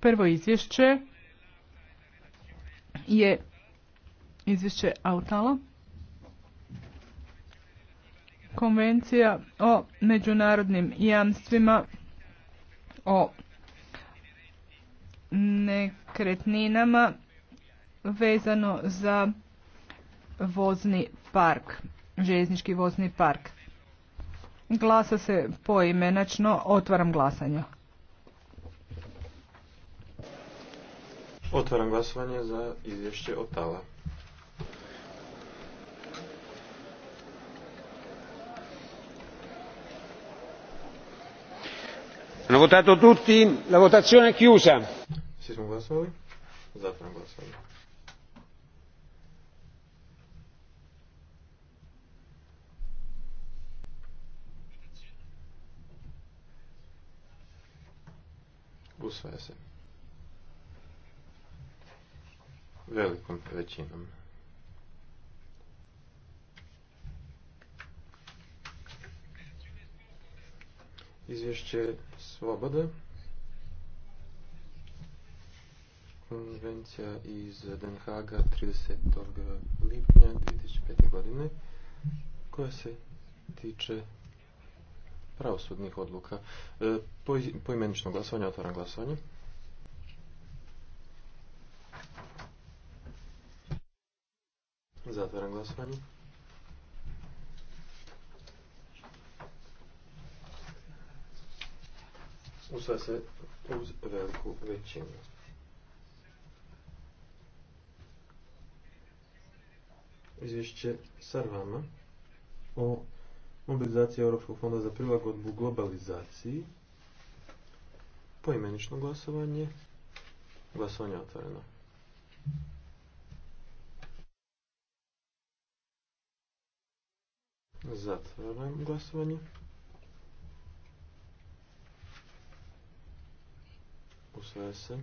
Prvo izvješće je izvješće Autalo, Konvencija o međunarodnim jamstvima o nekretninama vezano za vozni park, željeznički vozni park. Glasa se poimenačno, otvaram glasanje. Otvaram glasovanje za izvješće Tala. Hanno votato tutti, la votazione è chiusa. Svi smo glasovali? Zatvaram glasovanje. Usvaja se. velikom većinom. Izvješće Svoboda. Konvencija iz Den Haga 30. lipnja 2005. godine koja se tiče pravosudnih odluka. E, poimenično glasovanje, otvaram glasovanje. Zatvaram glasovanje. Usva se uz veliku većinu. Izvješće o mobilizaciji Europskog fonda za prilagodbu globalizaciji. Poimenično glasovanje. Glasovanje otvoreno. Zatvaram glasovanje. Usvaja se.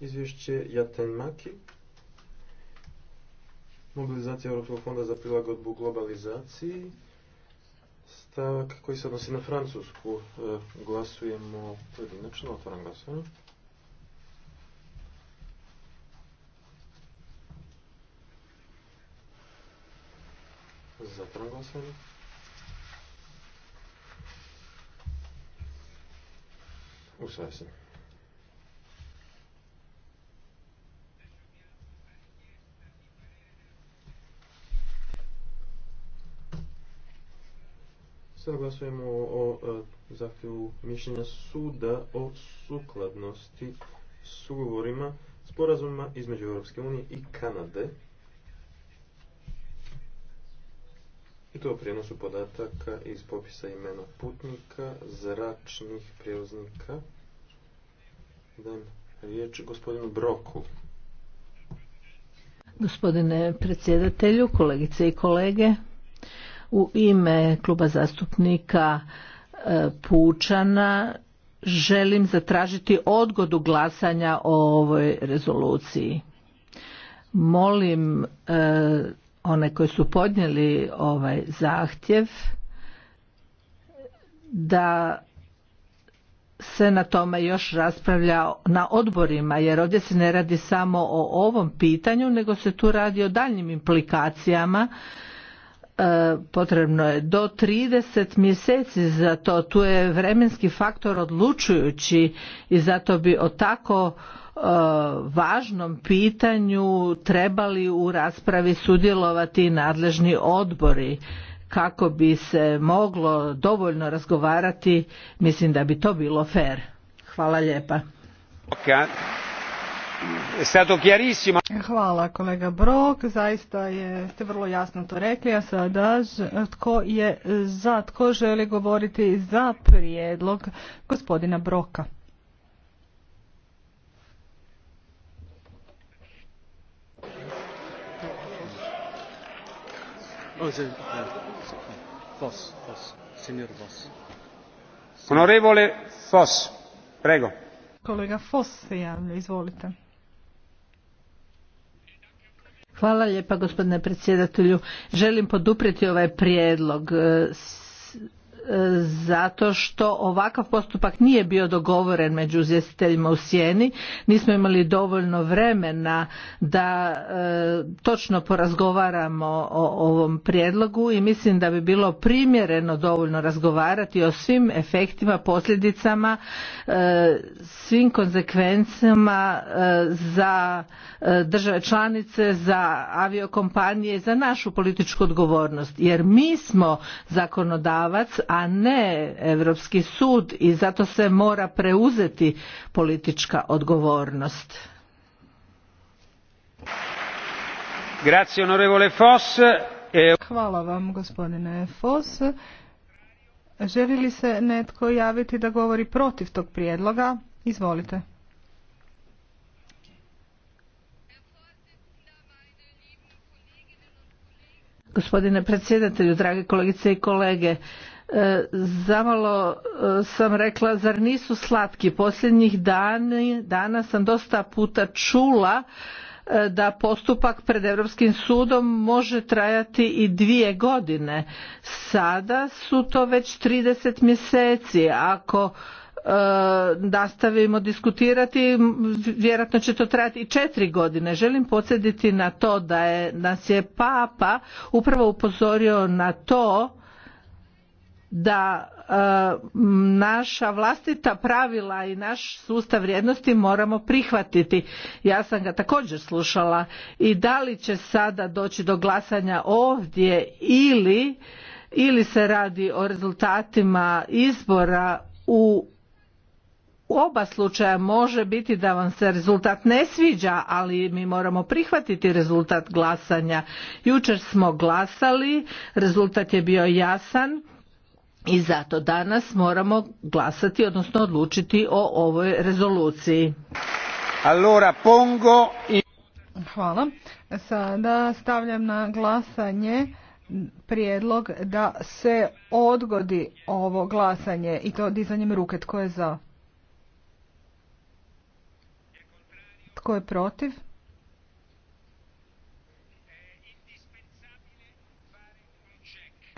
Izvješće Jaten Maki. Mobilizacija Europskog fonda za prilagodbu globalizaciji stavak koji se odnosi na Francusku. E, glasujemo pojedinačno, otvaram glasovanje. Zatvaram glasovanje. Usvaja se. Sada glasujemo o, e, zahtjevu mišljenja suda o sukladnosti s ugovorima sporazumima između Europske unije i Kanade. I to o prijenosu podataka iz popisa imena putnika, zračnih prijevoznika. Dajem riječ gospodinu Broku. Gospodine predsjedatelju, kolegice i kolege, u ime kluba zastupnika e, Pučana želim zatražiti odgodu glasanja o ovoj rezoluciji. Molim e, one koji su podnijeli ovaj zahtjev da se na tome još raspravlja na odborima jer ovdje se ne radi samo o ovom pitanju nego se tu radi o daljnjim implikacijama potrebno je do 30 mjeseci za to. Tu je vremenski faktor odlučujući i zato bi o tako e, važnom pitanju trebali u raspravi sudjelovati nadležni odbori kako bi se moglo dovoljno razgovarati mislim da bi to bilo fer. Hvala lijepa. Hvala kolega Brok, zaista je, ste vrlo jasno to rekli, a sada tko je za, tko želi govoriti za prijedlog gospodina Broka. Foss, oh, eh, prego. Kolega Foss se javlja, izvolite. Hvala lijepa gospodine predsjedatelju. Želim poduprijeti ovaj prijedlog e, zato što ovakav postupak nije bio dogovoren među izvjestiteljima u sjeni nismo imali dovoljno vremena da e, točno porazgovaramo o ovom prijedlogu i mislim da bi bilo primjereno dovoljno razgovarati o svim efektima posljedicama e, svim konsekvencama e, za države članice za aviokompanije i za našu političku odgovornost jer mi smo zakonodavac a ne Europski sud i zato se mora preuzeti politička odgovornost. E- Hvala vam gospodine Foss. Želi li se netko javiti da govori protiv tog prijedloga? Izvolite. Gospodine predsjedatelju, drage kolegice i kolege, E, zamalo e, sam rekla zar nisu slatki posljednjih dana, sam dosta puta čula e, da postupak pred europskim sudom može trajati i dvije godine sada su to već 30 mjeseci ako nastavimo diskutirati vjerojatno će to trajati i četiri godine želim podsjetiti na to da je nas je papa upravo upozorio na to da e, naša vlastita pravila i naš sustav vrijednosti moramo prihvatiti. Ja sam ga također slušala i da li će sada doći do glasanja ovdje ili, ili se radi o rezultatima izbora u u oba slučaja može biti da vam se rezultat ne sviđa, ali mi moramo prihvatiti rezultat glasanja. Jučer smo glasali, rezultat je bio jasan i zato danas moramo glasati odnosno odlučiti o ovoj rezoluciji. Allora pongo i... Hvala. Sada stavljam na glasanje prijedlog da se odgodi ovo glasanje i to dizanjem ruke. Tko je za? Tko je protiv?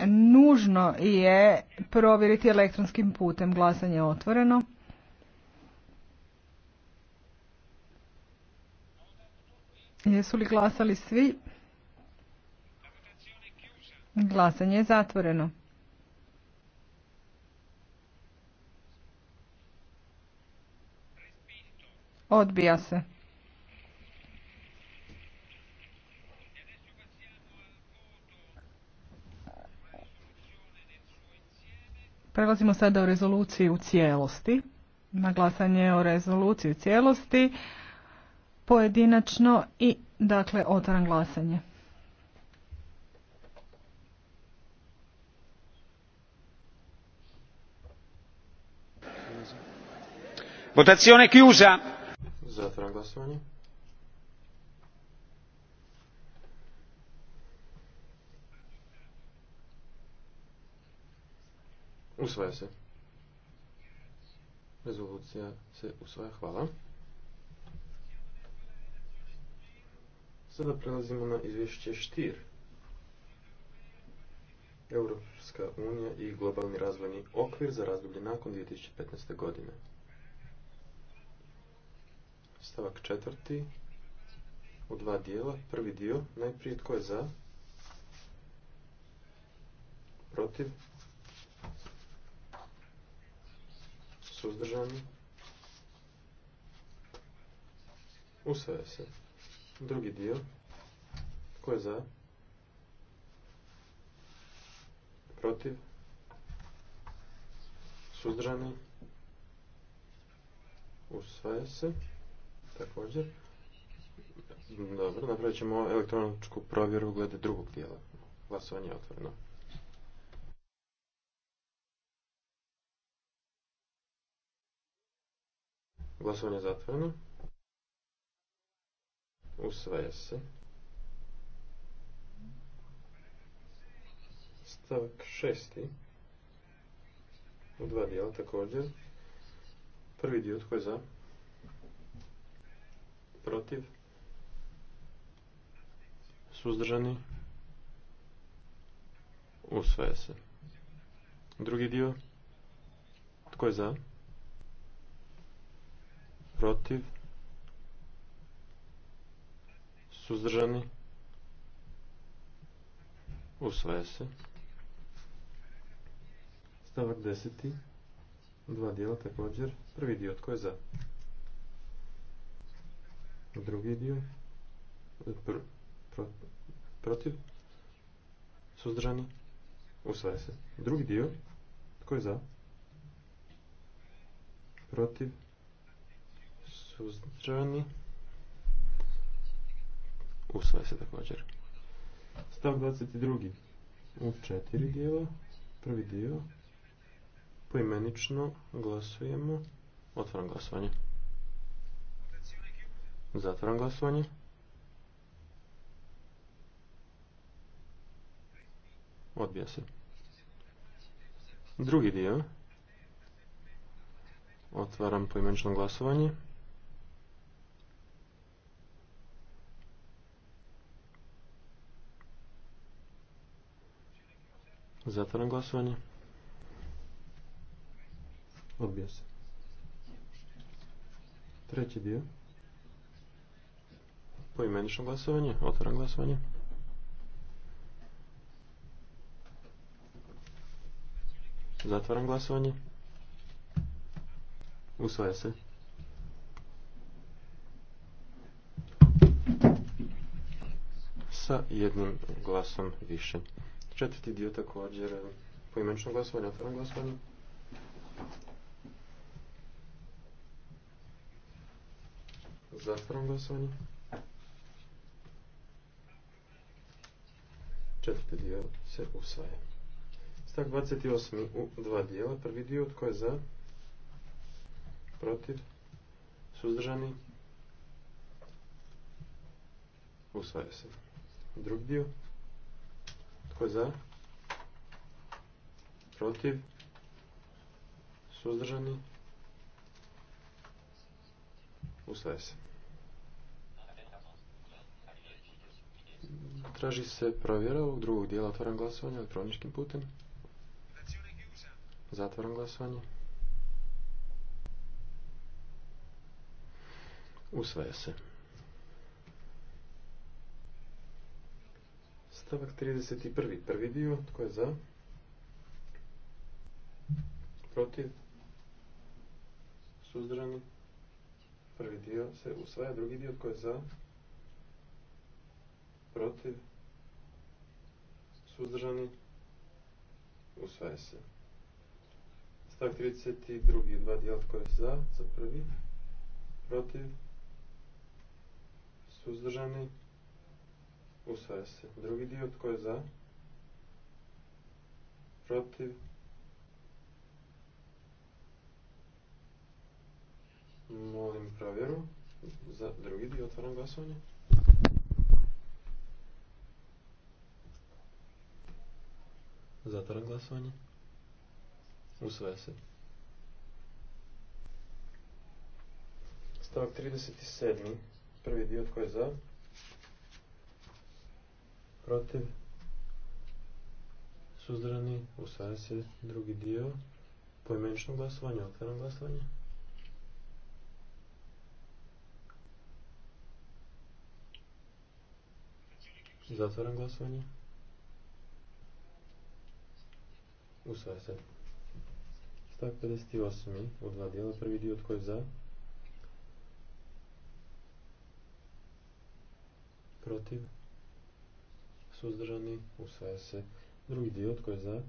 nužno je provjeriti elektronskim putem. Glasanje je otvoreno. Jesu li glasali svi? Glasanje je zatvoreno. Odbija se. Prelazimo sada o rezoluciji u cijelosti. Na glasanje o rezoluciji u cijelosti. Pojedinačno i dakle otvaram glasanje. Votazione chiusa. Zatvaram glasovanje. Usvaja se. Rezolucija se usvaja. Hvala. Sada prelazimo na izvješće Štir. Europska unija i globalni razvojni okvir za razdoblje nakon 2015. godine. Stavak četvrti u dva dijela. Prvi dio, najprije tko je za, protiv, Suzdržani. Usvaja se. Drugi dio. Tko je za? Protiv? Suzdržani? Usvaja se. Također. Dobro, napravit ćemo elektroničku provjeru glede drugog dijela. Glasovanje je otvoreno. Glasovanje je zatvoreno. Usvaja se. Stavak šesti. U dva dijela također. Prvi dio tko je za? Protiv? Suzdržani? Usvaja se. Drugi dio? Tko je za? protiv, suzdržani, usvaja se. Stavak deseti, dva dijela također, prvi dio, tko je za? Drugi dio, protiv, suzdržani, usvaja se. Drugi dio, tko je za? Protiv, suzdržani. Usvaja se također. Stav 22. U četiri dijela. Prvi dio. Poimenično glasujemo. Otvaram glasovanje. Zatvaram glasovanje. Odbija se. Drugi dio. Otvaram poimenično glasovanje. Zatvoram glasovanje. Odbija se. Treći dio. Poimenično glasovanje. Otvoram glasovanje. Zatvaram glasovanje. Usvaja se. Sa jednim glasom više. Četvrti dio također e, poimenično glasovanje, otvoreno glasovanje. Zatvoreno glasovanje. Četvrti dio se usvaja. Stak 28. u dva dijela. Prvi dio tko je za? Protiv? Suzdržani? Usvaja se. Drugi dio za? Protiv? Suzdržani? Usvaja se. Traži se provjera u drugog dijela otvaram glasovanje elektroničkim putem. Zatvaram glasovanje. Usvaja se. Stavak 31. Prvi dio. Tko je za? Protiv? Suzdržani? Prvi dio se usvaja. Drugi dio. Tko je za? Protiv? Suzdržani? Usvaja se. Stavak 32. Dva dijela. Tko je za? Za prvi? Protiv? Suzdržani? usvaja se. Drugi dio, tko je za? Protiv? Molim provjeru. Za drugi dio otvaram glasovanje. Zatvaram glasovanje. Usvaja se. Stavak 37. Prvi dio tko je za? protiv, Suzdrani? usvaja se drugi dio, poimenično glasovanje, Otvaram glasovanje. Zatvaram glasovanje. Usvaja se. Stav 58. U dva dijela. Prvi dio tko je za? Protiv? suzdržani, usvaja se. Drugi dio, tko je za,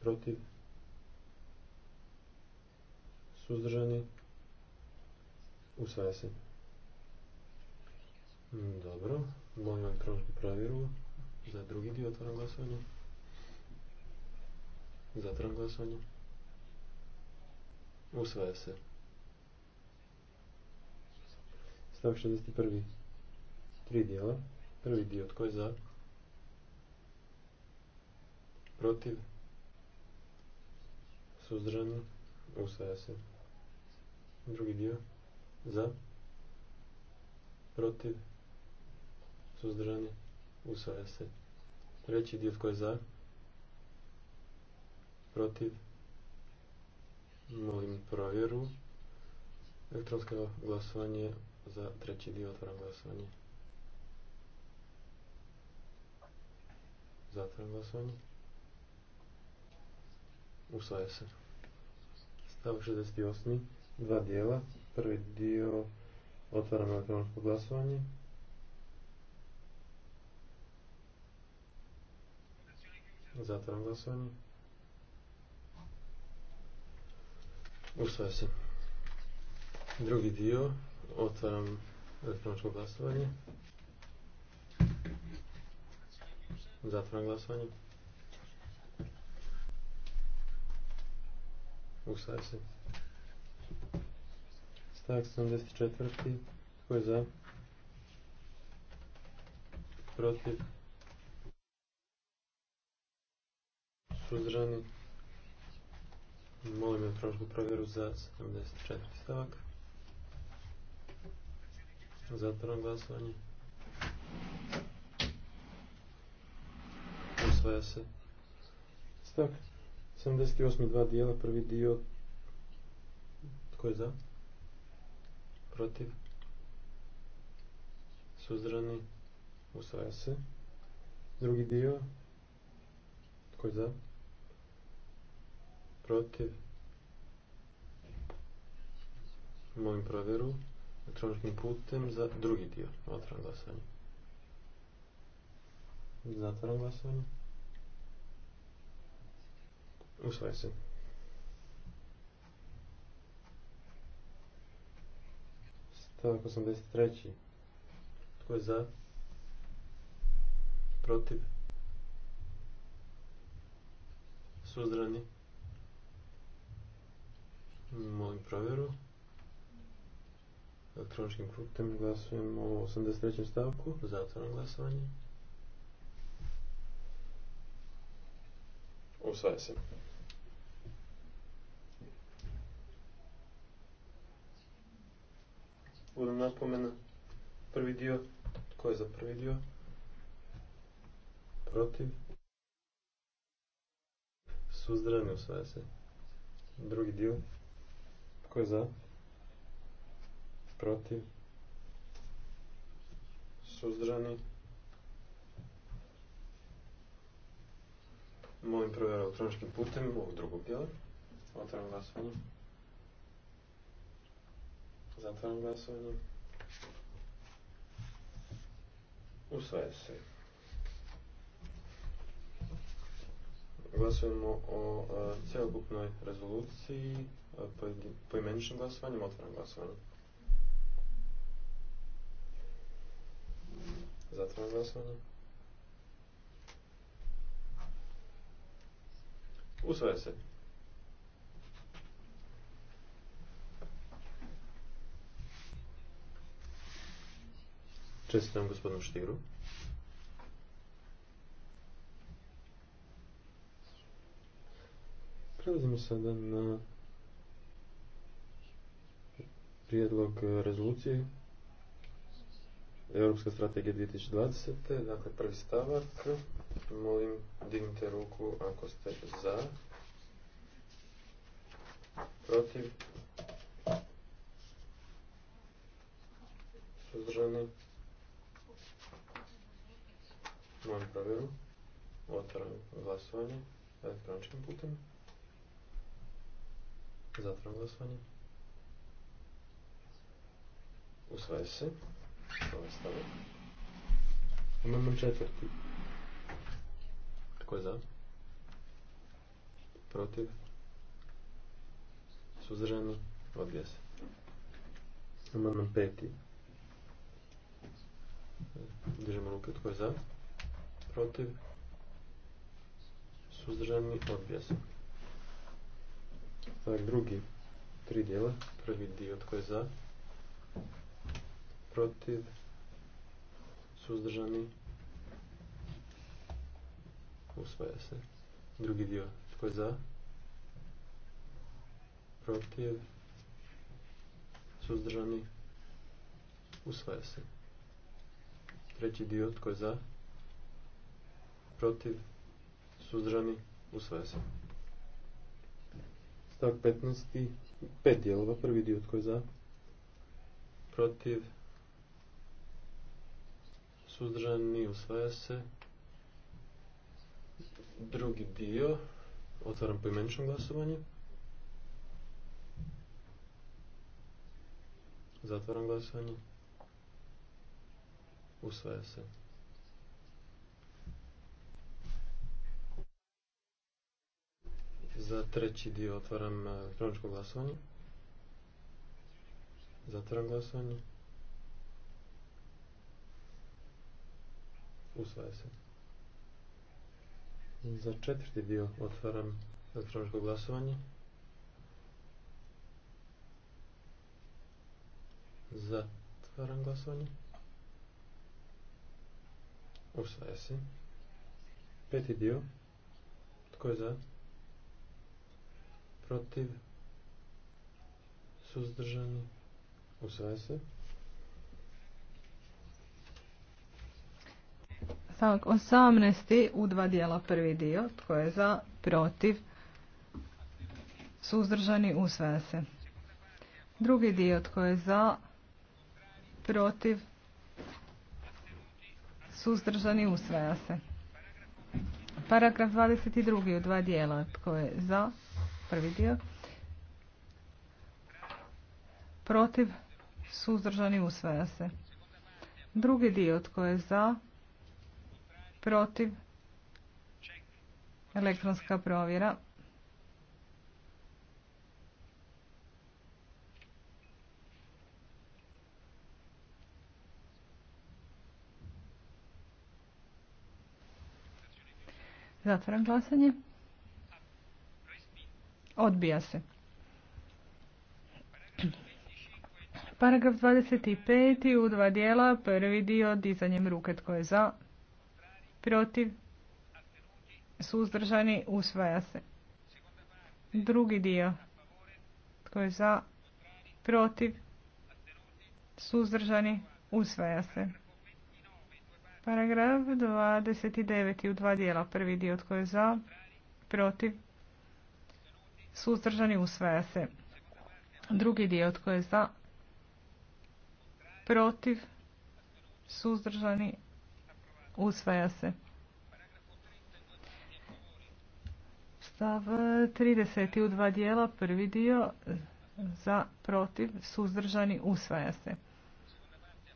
protiv, suzdržani, usvaja se. Mm, dobro, molim elektroničku provjeru za drugi dio otvoram glasovanje. Zatvoram glasovanje. Usvaja se. Stavak 61. Tri dijela. Prvi dio, tko je za? Protiv? Suzdržani? Usvaja se. Drugi dio, za? Protiv? Suzdržani? Usvaja se. Treći dio, tko je za? Protiv? Molim provjeru. Elektronsko glasovanje za treći dio otvaram glasovanje. Zatvaram glasovanje. Usvaja se. Stav 68. Dva dijela. Prvi dio otvaram elektroničko glasovanje. Zatvaram glasovanje. Usvaja se. Drugi dio. Otvaram elektroničko glasovanje. Zatvoram glasovanje. Usvaja se. Stavak 74. Tko je za? Protiv? Suzdržani? Molim elektroničku provjeru za 74. stavak. Zatvoram glasovanje. osvaja se. 78. dva dijela, prvi dio, tko je za? Protiv? Suzdrani? Usvaja se. Drugi dio, tko je za? Protiv? Molim provjeru elektroničkim putem za drugi dio. Otvaram glasanje. Zatvaram glasovanje u se. Stavak 83. Tko je za? Protiv? Suzdrani? Molim provjeru. Elektroničkim putem glasujemo o 83. stavku. Zatvorno glasovanje. Usvaja se. Budem napomena. Prvi dio. Tko je za prvi dio? Protiv. Suzdrani usvaja se. Drugi dio. Tko je za? Protiv. Suzdrani. Molim prvo elektroničkim putem ovog drugog dijela. Otvaram glasovanje. Zatvaram glasovanje. Usvaja se. Glasujemo o e, cijelogupnoj rezoluciji e, poimeničnim glasovanjem. Otvaram glasovanje. Zatvaram glasovanje. Usvaja se. Čestitam gospodinu Štigru. Prelazimo sada na prijedlog rezolucije Europska strategija 2020. Dakle, prvi stavak. Molim, dignite ruku ako ste za. Protiv. Suzdržani. Molim provjeru. Otvaram glasovanje elektroničkim putem. Zatvaram glasovanje. Usvaja se. Amandman četvrti. Tko je za? Protiv? Suzdržano? Odbija se. Amandman peti. Držimo ruke. Tko je za? Protiv? Suzdržani? Odbija se. drugi. Tri dijela. Prvi dio. Tko je za? protiv, suzdržani, usvaja se. Drugi dio, tko je za, protiv, suzdržani, usvaja se. Treći dio, tko je za, protiv, suzdržani, usvaja se. Stavak 15. Pet dijelova, prvi dio, tko je za, protiv, suzdržani, usvaja se. Drugi dio, otvaram poimenično glasovanje. Zatvaram glasovanje. Usvaja se. Za treći dio otvaram eh, elektroničko glasovanje. Zatvaram glasovanje. Usvaja se. Za četvrti dio otvaram elektroničko glasovanje. Zatvaram glasovanje. Usvaja se. Peti dio. Tko je za? Protiv. Suzdržani. Usvaja se. stavak 18. u dva dijela prvi dio, tko je za, protiv, suzdržani, usvaja se. Drugi dio, tko je za, protiv, suzdržani, usvaja se. Paragraf 22. u dva dijela, tko je za, prvi dio, protiv, suzdržani, usvaja se. Drugi dio, tko je za, protiv, elektronska provjera. Zatvaram glasanje. Odbija se. Paragraf 25. u dva dijela. Prvi dio dizanjem ruke tko je za, protiv, suzdržani, usvaja se. Drugi dio, tko je za, protiv, suzdržani, usvaja se. Paragraf 29. u dva dijela. Prvi dio tko je za, protiv, suzdržani, usvaja se. Drugi dio tko je za, protiv, suzdržani, Usvaja se. Stav 30. u dva dijela, prvi dio za protiv, suzdržani, usvaja se.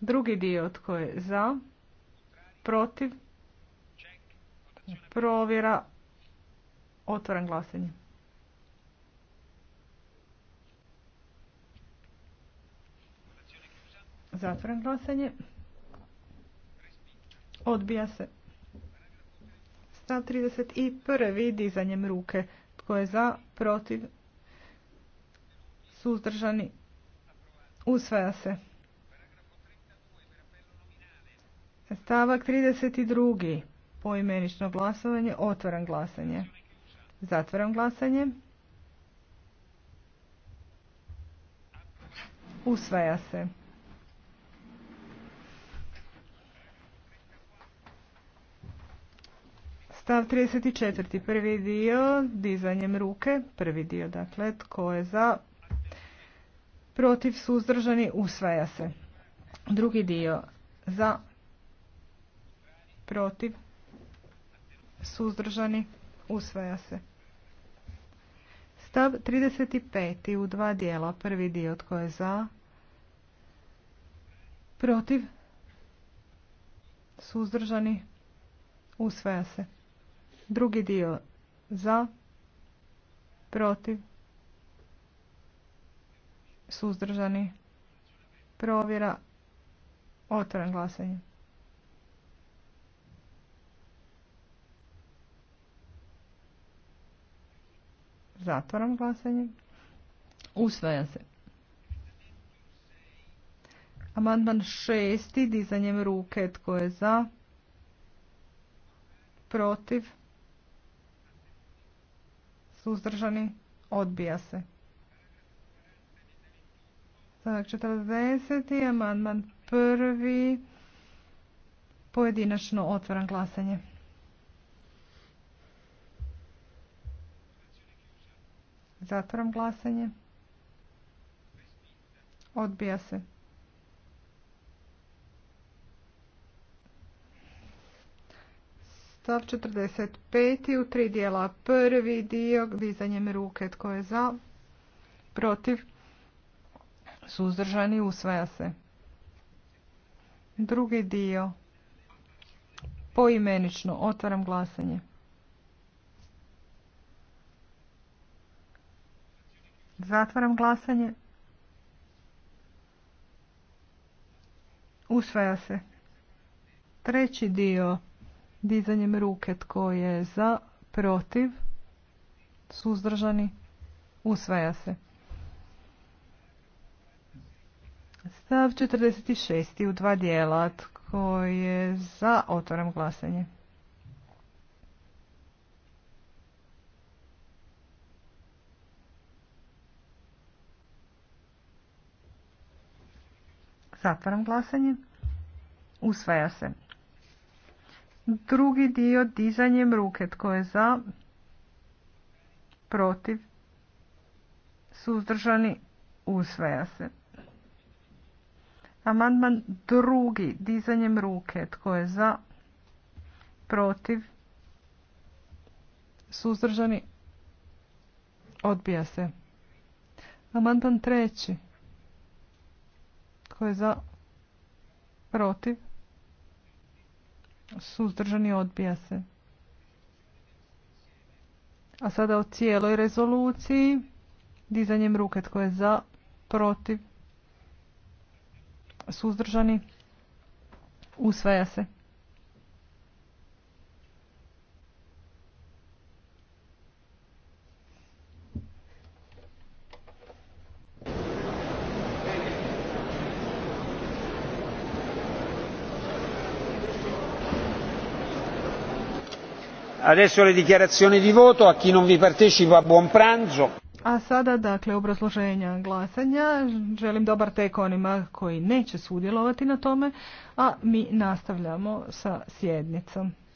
Drugi dio tko je za, protiv, provjera, otvoren glasanje. Zatvoran glasanje. Odbija se. 131. dizanjem ruke. Tko je za, protiv, suzdržani, usvaja se. Stavak 32. Poimenično glasovanje, otvaram glasanje. Zatvaram glasanje. Usvaja se. Stav 34. Prvi dio, dizanjem ruke. Prvi dio, dakle, tko je za, protiv, suzdržani, usvaja se. Drugi dio, za, protiv, suzdržani, usvaja se. Stav 35. u dva dijela. Prvi dio tko je za, protiv, suzdržani, usvaja se. Drugi dio za, protiv, suzdržani, provjera, otvoren glasanje. Zatvaram glasanje. Usvaja se. Amandman šesti, dizanjem ruke, tko je za, protiv, suzdržani, odbija se. Sada 40. amandman prvi, pojedinačno otvoran glasanje. Zatvoram glasanje. Odbija se. Stav 45. u tri dijela. Prvi dio dizanjem ruke. Tko je za? Protiv? Suzdržani usvaja se. Drugi dio. Poimenično. Otvaram glasanje. Zatvaram glasanje. Usvaja se. Treći dio dizanjem ruke. Tko je za, protiv, suzdržani, usvaja se. Stav 46. u dva dijela. Tko je za, otvaram glasanje. Zatvaram glasanje. Usvaja se. Drugi dio dizanjem ruke. Tko je za? Protiv? Suzdržani? Usvaja se. Amandman drugi dizanjem ruke. Tko je za? Protiv? Suzdržani? Odbija se. Amandman treći. Tko je za? Protiv? Suzdržani odbija se. A sada o cijeloj rezoluciji. Dizanjem ruke tko je za, protiv, suzdržani. Usvaja se. Adesso le dichiarazioni di voto, a chi non vi partecipa buon pranzo. A sada dakle obrazloženja glasanja. Želim dobar tek onima koji neće sudjelovati na tome, a mi nastavljamo sa sjednicom.